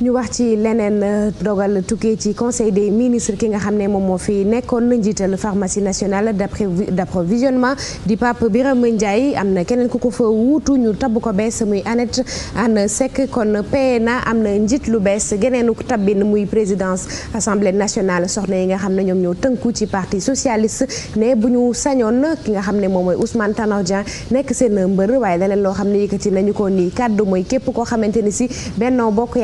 ñu wax ci leneen euh, dogal tukkee ci conseil des ministres ki nga xam ne moom moo fi nekkoon njiital pharmacie nationale d'approvisionnement di Pape Birame Ndiaye am na keneen ku ko fa wuutu ñu tabb ko bees muy Annette Anne Seck kon na am na njiit lu bees geneenu tabbin muy présidence assemblée nationale soxna yi nga xam ne ñoom ñoo tënku ci parti socialiste ne bu ñu sañoon ki nga xam ne moom mooy Ousmane Tanor nekk seen mbër waaye leneen loo xam ne yëkkati nañu ko nii mooy képp koo xamante ni si Benno Bokk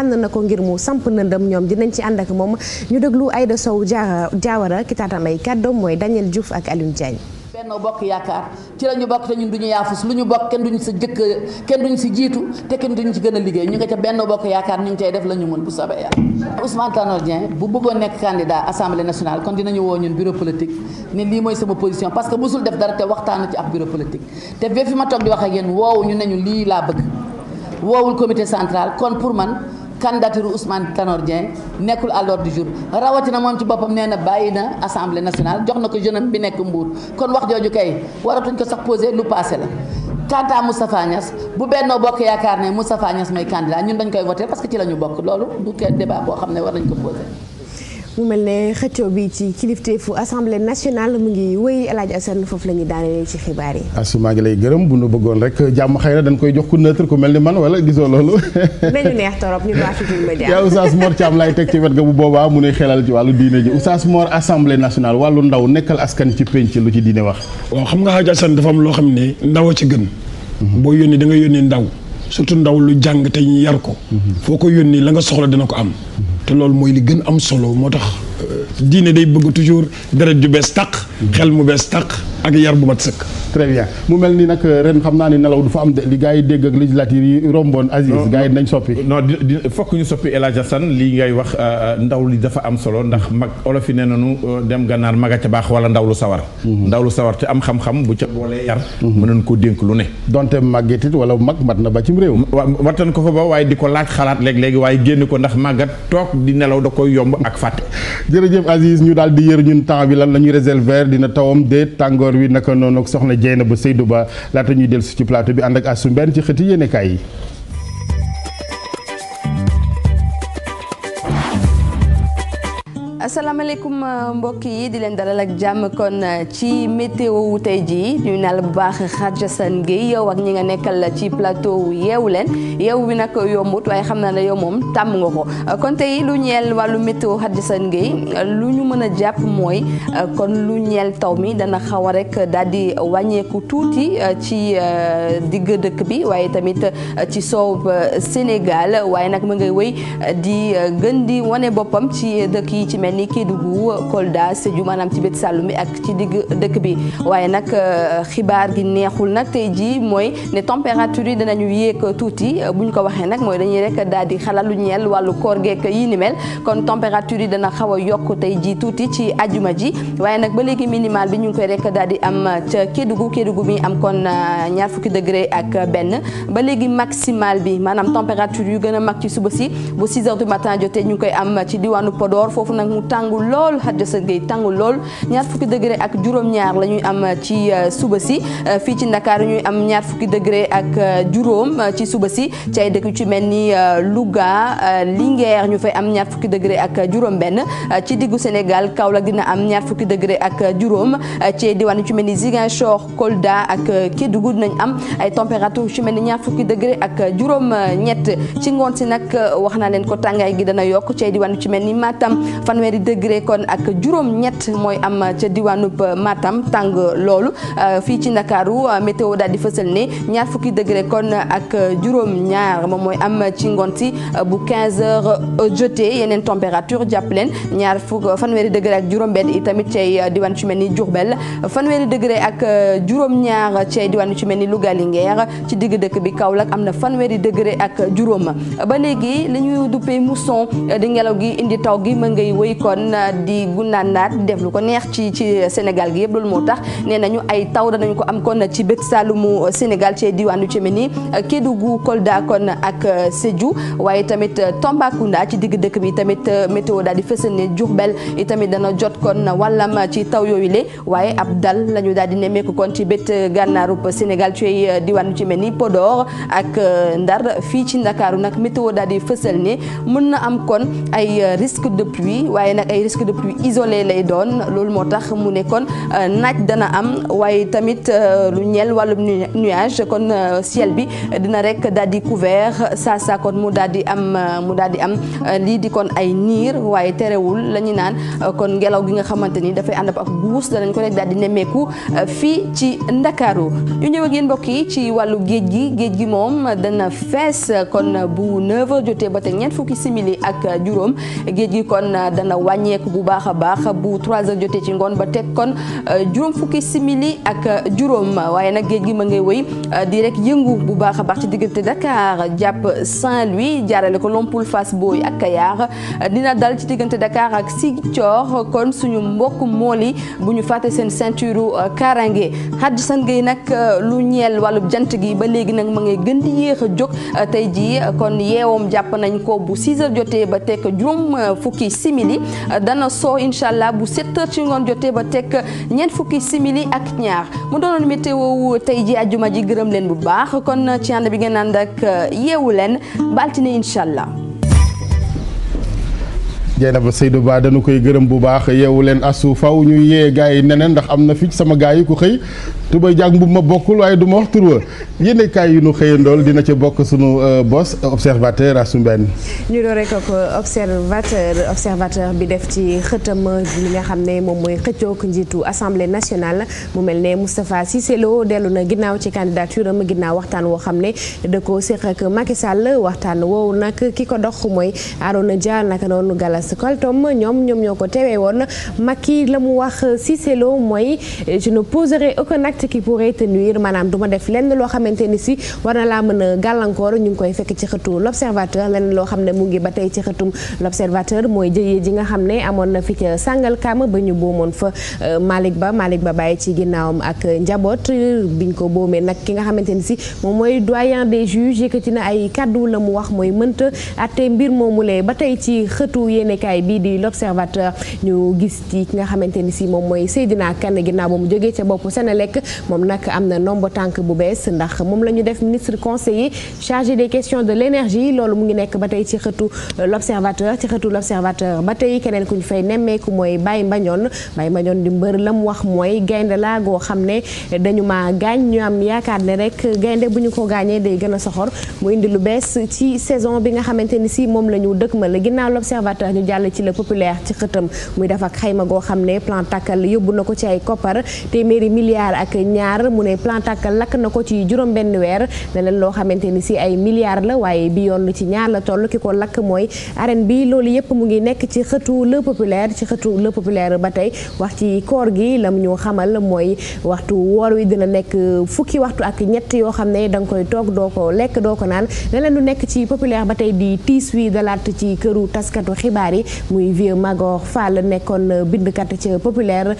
tànn na ko ngir mu samp ndëndam ñoom dinañ ci ànd ak moom ñu déglu Aïda Sow Diawara ki taataan ay kàddoom mooy Daniel Diouf ak Alioune Diagne. Benno Bokk Yaakaar ci la ñu bokk te ñun du ñu yaafus lu ñu bokk kenn duñu si jëkk kenn duñu si jiitu te kenn duñu si gën a liggéey ñu nga ca Benno Bokk Yaakaar ñu ngi cay def la ñu mën bu soobee yàlla Ousmane Tanor Dieng bu bëggoon nekk candidat assemblée nationale kon dinañu woo ñun bureau politique ne lii mooy sama position parce que musul def dara te waxtaanu ci ab bureau politique te fi ma toog di wax ak yéen woowu ñu ne ñu lii laa bëgg woowul comité central kon pour man candidature Ousmane Tanor Dieng nekkul à l'ordre du jour rawatina moom ci boppam nee na bàyyi na assemblée nationale jox na ko jeune bi nekk Mbour kon wax jooju kay waratuñ ko sax posé lu passé la. quant à Moustapha Niass bu bennoo bokk yaakaar ne Moustapha Niass mooy candidat ñun dañ koy voté parce que ci la ñu bokk loolu du kee débat boo xam ne war nañ ko posé. mu mel ne xëccoo bi ci kilifteefu assemblée nationale mu ngi wéy El Hadj foofu la ñuy daanelee ci xibaar yi. asu maa lay gërëm bu nu bëggoon rek jàmm xëy na dañ koy jox ku neutre ku mel ni man wala gisoo loolu. nañu neex torop ñu baax ci ma jàmm. yaa Oustaz teg ci wet ga bu boobaa mu ne xelal ci wàllu diine ji Oustaz Mor assemblée nationale wàllu ndaw nekkal askan ci penc lu ci diine wax. waaw xam nga El Hadj dafa am loo xam ne ndaw a ci gën. Mhm. boo yónnee da nga yónnee ndaw surtout ndaw lu jàng te yar ko mhm. foo ko yónnee la nga soxla dina ko am mhm. te loolu mooy li gën am solo moo tax euh, diine day bëgg toujours deret ju bees tàq xel mu bees tàq ak yar bu mat sëkk. très bien mu mel ni nag ren xam naa ni nelaw du fa am de li gars yi dégg ak législative yi romboon Aziz gars yi nañ soppi non di fokk ñu soppi El Hadj lii ngay wax euh, euh, ndaw li dafa am solo ndax mag olof yi nee nañu euh, dem gànnaar maga ca baax wala ndaw lu sawar mhm. ndaw sawar te am xam-xam bu ca boolee yar mhm. mënoon ko dénk lu ne donte màgget wala mag mat na ba cim réew wattan ko fa waaye di ko laaj xalaat léeg-léegi waaye génn ko ndax màggat toog nelaw da koy yomb ak fàtte jërëjëf Aziz ñu daal di yër ñun temps bi lan la ñuy réserver dina tawam dee tàngoor yoor wi naka noonu ak soxna Dieynaba Seydou Ba laata ñuy dellu si ci plateau bi ànd ak Assou Mbène ci xëti yéenekaay yi asalaamaaleykum euh, mbokk yi di leen dalal ak jàmm kon euh, ci météo wu tey jii ñuy naa la bu baax Khadija Sane Gueye yow ak ñi nga nekkal ci plateau wu yeewu leen yeewu bi nag yombut waaye xam naa ne yow moom tàmm nga ko euh, kon tey lu ñeel wàllu météo Khadija Sane Gueye lu ñu mën a jàpp mooy kon lu ñeel taw mi dana xaw a rek daal di wàññeeku tuuti ci digg dëkk bi waaye tamit ci soow Sénégal waaye nag mu ngay wéy di gën di wane boppam ci dëkk yi ci mel ni Kédougou Kolda Sédhiou maanaam ci bët Saloum bi ak ci digg dëkk bi waaye nag euh, xibaar gi neexul nag tey jii mooy ne température yi danañu yéeg tuuti bu ñu ko waxee nag mooy dañuy rek daal di xalaat lu ñeel wàllu koor geek yi ni mel kon température yi dana xaw a yokk tey jii tuuti ci ajuma ji waaye nag ba léegi minimal bi ñu ngi koy rek daal di am ca Kédougou Kédougou mi am kon euh, ñaar fukki degré ak benn ba léegi maximal bi maanaam température yu gën a mag ci suba si mu tàng lool Hadjasson Gueye tàng lool ñaar fukki degré ak juróom-ñaar la ñuy am ci euh, suba si euh, fii ci Ndakaaru ñuy am ñaar fukki degré ak euh, juróom ci suba si ci ay ci mel ni Louga Linguère ñu fay am ñaar fukki degré ak juróom ci diggu Sénégal Kaolack dina am ñaar fukki degré ak juróom ci diwaan yu ci mel ni Ziguinchor Kolda ak Kédougou am ay température yu mel ni ñaar fukki degré ak juróom-ñett ci ngoon si nag wax naa leen ko tàngaay gi dana yokk ci ay ci mel ni Matam fanweer fanweeri degré kon ak juróom-ñett mooy am ca diwaanub Matam tàng loolu euh, fii ci Ndakaaru euh, météo daal di fësal ne ñaar fukki degré kon ak juróom-ñaar moom mooy am ci ngoon si euh, bu 15 heures yeneen température jàpp leen ñaar fukk fanweeri degré ak juróom-benn itamit cay diwaan ci mel ni Diourbel fanweeri degré ak juróom-ñaar cay diwaan ci mel ni Louga Linguère ci digg dëkk bi Kaolack am na fanweeri degré ak juróom ba léegi li duppee mousson di ngelaw gi indi taw gi mën wéy kon euh, di gunaanaat def lu ko neex ci ci Sénégal gi yëpp loolu moo tax nee nañu ay taw danañu ko am kon ci bëj saalumu euh, Sénégal ci diwaanu ci mel ni euh, Kédougou Kolda kon ak Sédhiou waaye tamit Tambacounda ci digg dëkk bi tamit météo daal di fësal ne Diourbel itamit dana jot kon wàllam ci taw yooyu le waaye ab dal la ñu daal di nemmeeku kon ci bët gànnaarub Sénégal ci diwaanu ci mel ni Podor ak Ndar fii ci Ndakaaru nag météo daal di fësal ne mën na am kon ay risque de pluie waaye waaye nag ay risque de pluie isolé lay doon loolu moo tax mu ne kon euh, naaj dana am waaye tamit euh, lu ñel wàllum nuage kon euh, ciel bi dina rek daal di couvert saa saa kon mu daal di am mu daal di am lii di kon ay niir waaye terewul la ñu naan kon ngelaw gi nga xamante ni dafay ànd ak guus danañ ko rek daal di nemeeku fii ci Ndakaaru ñu ñëw ak yéen mbokk yi ci wàllu géej gi géej gi moom dana fees kon bu 9 jotee ba te ñeent fukki simili ak juróom géej gi kon dana wàññeeku bu baax a baax bu trois heures jotee ci ngoon ba teg kon euh, juróom fukki simili ak juróom waaye nag géej gi ma ngay woy euh, direk yëngu bu baax a baax ci diggante Dakar jàpp Saint-Louis jaarale ko Lompoul Fass booy ak Kayar euh, dina dal ci diggante Dakar ak Ziguinchor kon suñu mbokk mool yi bu ñu fàtte seen ceinture kaaraange Hadj San Gueye nag lu ñeel wallu jant gi ba léegi nag ma ngay gën di yéex a jóg tey jii kon yeewoom jàpp nañ ko bu 6 heures jotee ba tekk juróom fukki simili dana soow incha allah bu 7 heures ci ngoon jotee ba tekk ñeent fukki simili ak ñaar mu doonoon météo wu tey ji ajuma ji gërëm leen bu baax kon ci ànd bi ngeen ànd ak uh, yeewu leen ba altine incha allah. Dieynaba Seydou baax dana koy gërëm bu baax yeewu leen asu faw ñu yee gars yi neneen ndax am na fi sama gars yi ku xëy. tubay jàng bu ma bokkul waaye du ma wax tur wa yéen kaay yu nu xëyandool dina ci bokk sunu euh, bos observateur Asoumbène ñu doon rek ak euh, observateur bi def ci xëtam li nga xam ne moom mooy xëccook njiitu assemblée nationale mu mel ne Moustapha Cissé Lo dellu na ginnaaw ci candidature am ginnaaw waxtaan woo xam ne da ko séq ak Sall waxtaan woowu nag ki ko dox mooy Arona Dia naka noonu Galas Koltom ñoom ñoom ñoo ko teewee woon Macky la mu wax Cissé Lo mooy perte qui te nuire maanaam du ma def lenn loo xamante ni si war na laa mën gàllankoor ñu ngi koy fekk ci xëtu l'observateur lenn loo xam ne mu ngi ba tey ci xëtum l'observateur mooy jëyee ji nga xam ne amoon na fi ca Sàngalkam ba ñu boomoon fa euh, Malick Ba Malick Ba bàyyi ci ginnaawam ak njaboot biñ ko boomee nag ki nga xamante ni si moom mooy doyen des juges yëkkati na ay kàddu la mu wax mooy mënta atte mbir moomu lee ba tey ci xëtu yéenekaay bii di l'observateur ñu gis ci ki nga xamante ni si moom mooy Seydina Kane ginnaaw ba mu jógee ca bopp lekk moom nag am na nombo tànk bu bees ndax moom la ñu def ministre conseiller chargé de questions de l'énergie loolu mu ngi nekk ba tey ci xëtu l'observateur ci xëtu l'observateur ba tey keneen ku ñu fay nemmeeku mooy Baye Mbañoon Baye Mbañoon di mbër la mu wax mooy gaynde laa goo xam ne dañu ma gaañ ñu am yaakaar ne rek gaynde bu ñu ko gaañee day gën a soxor mu indi lu bees ci saison bi nga xamante ni si moom la ñu la ginnaaw l'observateur ñu jàll ci le populaire ci xëtam muy def ak xayma goo xam ne plan ñaar mu ne plan tàkkal lakk na ko ci juróom benn weer ne leen loo xamante ni si ay milliards la waaye bi yoon lu ci ñaar la toll ki ko lakk mooy arène bi loolu yëpp mu ngi nekk ci xëtu le populaire ci xëtu le populaire ba tey wax ci koor gi lam ñu xamal mooy waxtu woor wi dina nekk fukki waxtu ak ñett yoo xam ne da koy toog doo ko lekk doo ko naan leneen lu nekk ci populaire ba tey di tiis wi dalaat ci këru taskatu xibaar yi muy vieux Magor Fall nekkoon bindkat ca populaire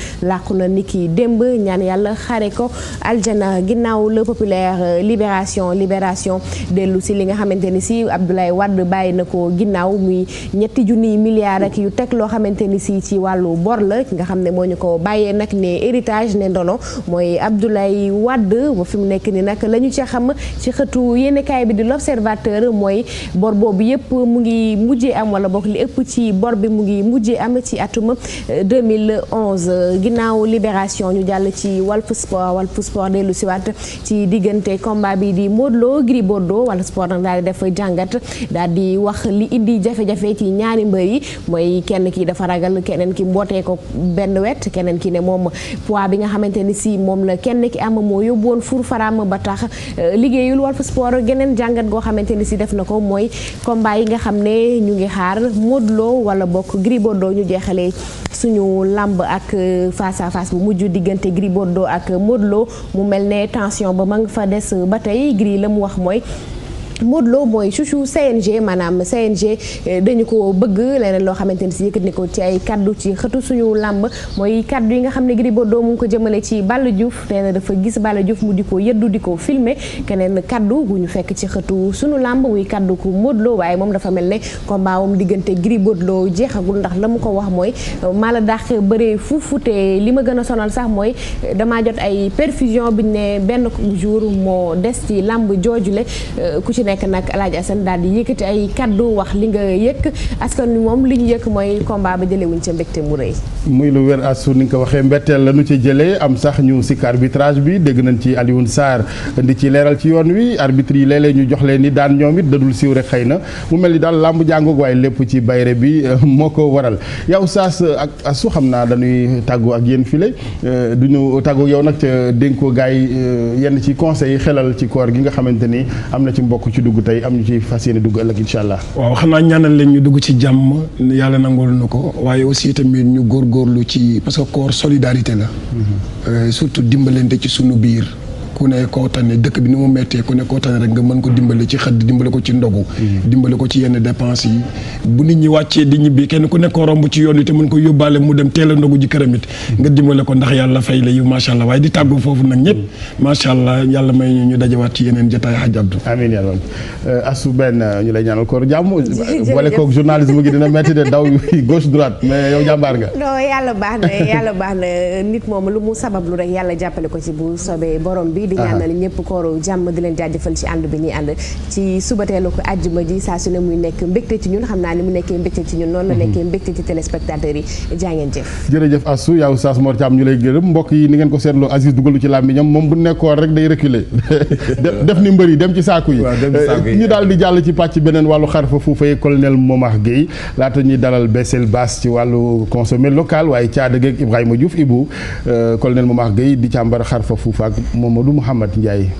ko aljana ginnaaw le populaire euh, libération libération dellu si li nga xamante ni si Abdoulaye Wade bàyyi na ko ginnaaw muy ñetti junniy milliards ak yu teg loo xamante ni si ci wàllu bor la nga xam ne moo ñu ko bàyyee nag ne héritage ne ndono mooy Abdoulaye Wade ba fi mu nekk ni nag lañu ñu xam ci xëtu yéenekaay bi di l'observateur mooy bor boobu yëpp mu ngi mujjee am wala bokk li ëpp ci bor bi mu ngi mujjee am ci atum 2011 ginnaaw libération ñu jàll ci Walf Walf Sport dellu siwaat ci diggante combat bi di Modou Lo Gris Bordeaux Walf Sport nag daal di def jàngat daal di wax li indi jafe-jafe ci ñaari mbër yi mooy kenn ki dafa ragal keneen ki mbootee ko benn wet keneen ki ne moom poids bi nga xamante ni si moom la kenn ki am moo yóbbu woon fur faraam ba tax euh, liggéeyul Walf Sport geneen jàngat goo xamante ni si def na ko mooy combat yi nga xam ne ñu ngi xaar Modou Lo wala bokk Gris Bordeaux ñu jeexalee suñu lamb ak euh, face à face bu mujj diggante Gris ak Modou Lo mu mel ne tension ba ma nga fa des ba tey Gris la mu wax mooy Modou Lo mooy chouchou CNG maanaam CNG eh, dañu ko bëgg leneen loo xamante ni si yëkkat ni ko ci ay kaddu ci xëtu suñu làmb mooy kaddu yi nga xam ne Gris Bordeaux mu ngi ko jëmale ci Balla Diouf nee na dafa gis Balla Diouf mu di ko yëddu di ko filmer keneen kaddu gu ñu fekk ci xëtu suñu làmb muy kaddu ku Modou waaye moom dafa mel ne combat wam diggante Gris Bordeaux jeexagul ndax la mu ko wax mooy eh, maa la dàq bëree li ma gën a sonal sax mooy eh, damaa jot ay perfusion bi ne benn jour moo des ci làmb joojule ku ci nekk nag El Hadj Assane daal di yëkkati ay kaddu wax li nga yëkk askan wi moom li ñu yëkk mooy combat ba jëlee wuñ ca mbégte mu rëy. muy lu wér asu ni nga ko waxee mbetteel la nu ci jëlee am sax ñu sikk arbitrage bi dégg nañ ci Alioune saar di ci leeral ci yoon wi arbitre yi léeg ñu jox leen ni daan ñoom it dadul siiw rek xëy na mu mel ni daal làmb jàngoog waaye lépp ci bayre bi euh, moo ko waral yow saas ak asu xam naa dañuy tàggu ak yéen file euh, du ñu tàggu yow nag ca dénk ko gaay euh, yenn ci conseil yi ci koor gi nga xamante ni am na ci mbokk ci dugg tey am ñu ci fas yéene dugg ëllëg incha allah. waaw xam naa ñaanal leen ñu dugg ci jàmm yàlla nangul nu ko waaye aussi tamit ñu góor góorgóorlu ci parce que corps solidarité la. Mm-hmm. Euh, surtout dimbaleente ci sunu biir. ku ne koo tane dëkk bi ni mu méttee ku ne koo tane rek nga mën ko dimbale ci xëdd dimbale ko ci ndogu mm-hmm. dimbale ko ci yenn dépense yi bu nit ñi wàccee di ñibbi kenn ku ne romb ci yoon wi te mën ko yóbbaale mu dem teel a ndogu ji këram nga dimbale ko ndax yàlla fay la yu macha allah waaye di tàggu foofu nag ñëpp mm-hmm. macha allah yàlla may ñu dajawaat ci yeneen jotaay xaj abdu yaa rabbi euh, asu benn ñu lay ñaanal koor jàmm wala koog ko ci di ñaanal ñëpp kooru jàmm di leen jaajëfal ci ànd bi ñuy ànd ci subateelu ko àjjuma ji saa su ne muy nekk mbégte ci ñun xam naa ni mu nekkee mbégte ci ñun mhm. yi jaa ngeen Assou yaa Oustaz Mor Thiam ñu lay gërëm mbokk yi ni ngeen ko seetloo Aziz dugalu ci làmmiñam moom bu nekkoon rek day reculer def ni mbëri dem ci saaku yi ñu daal di jàll ci pàcc beneen wàllu xar fa fuufay colonel Momar Gueye laata ñuy dalal Bessel Bass ci wàllu consommer Mouhamad Ndiaye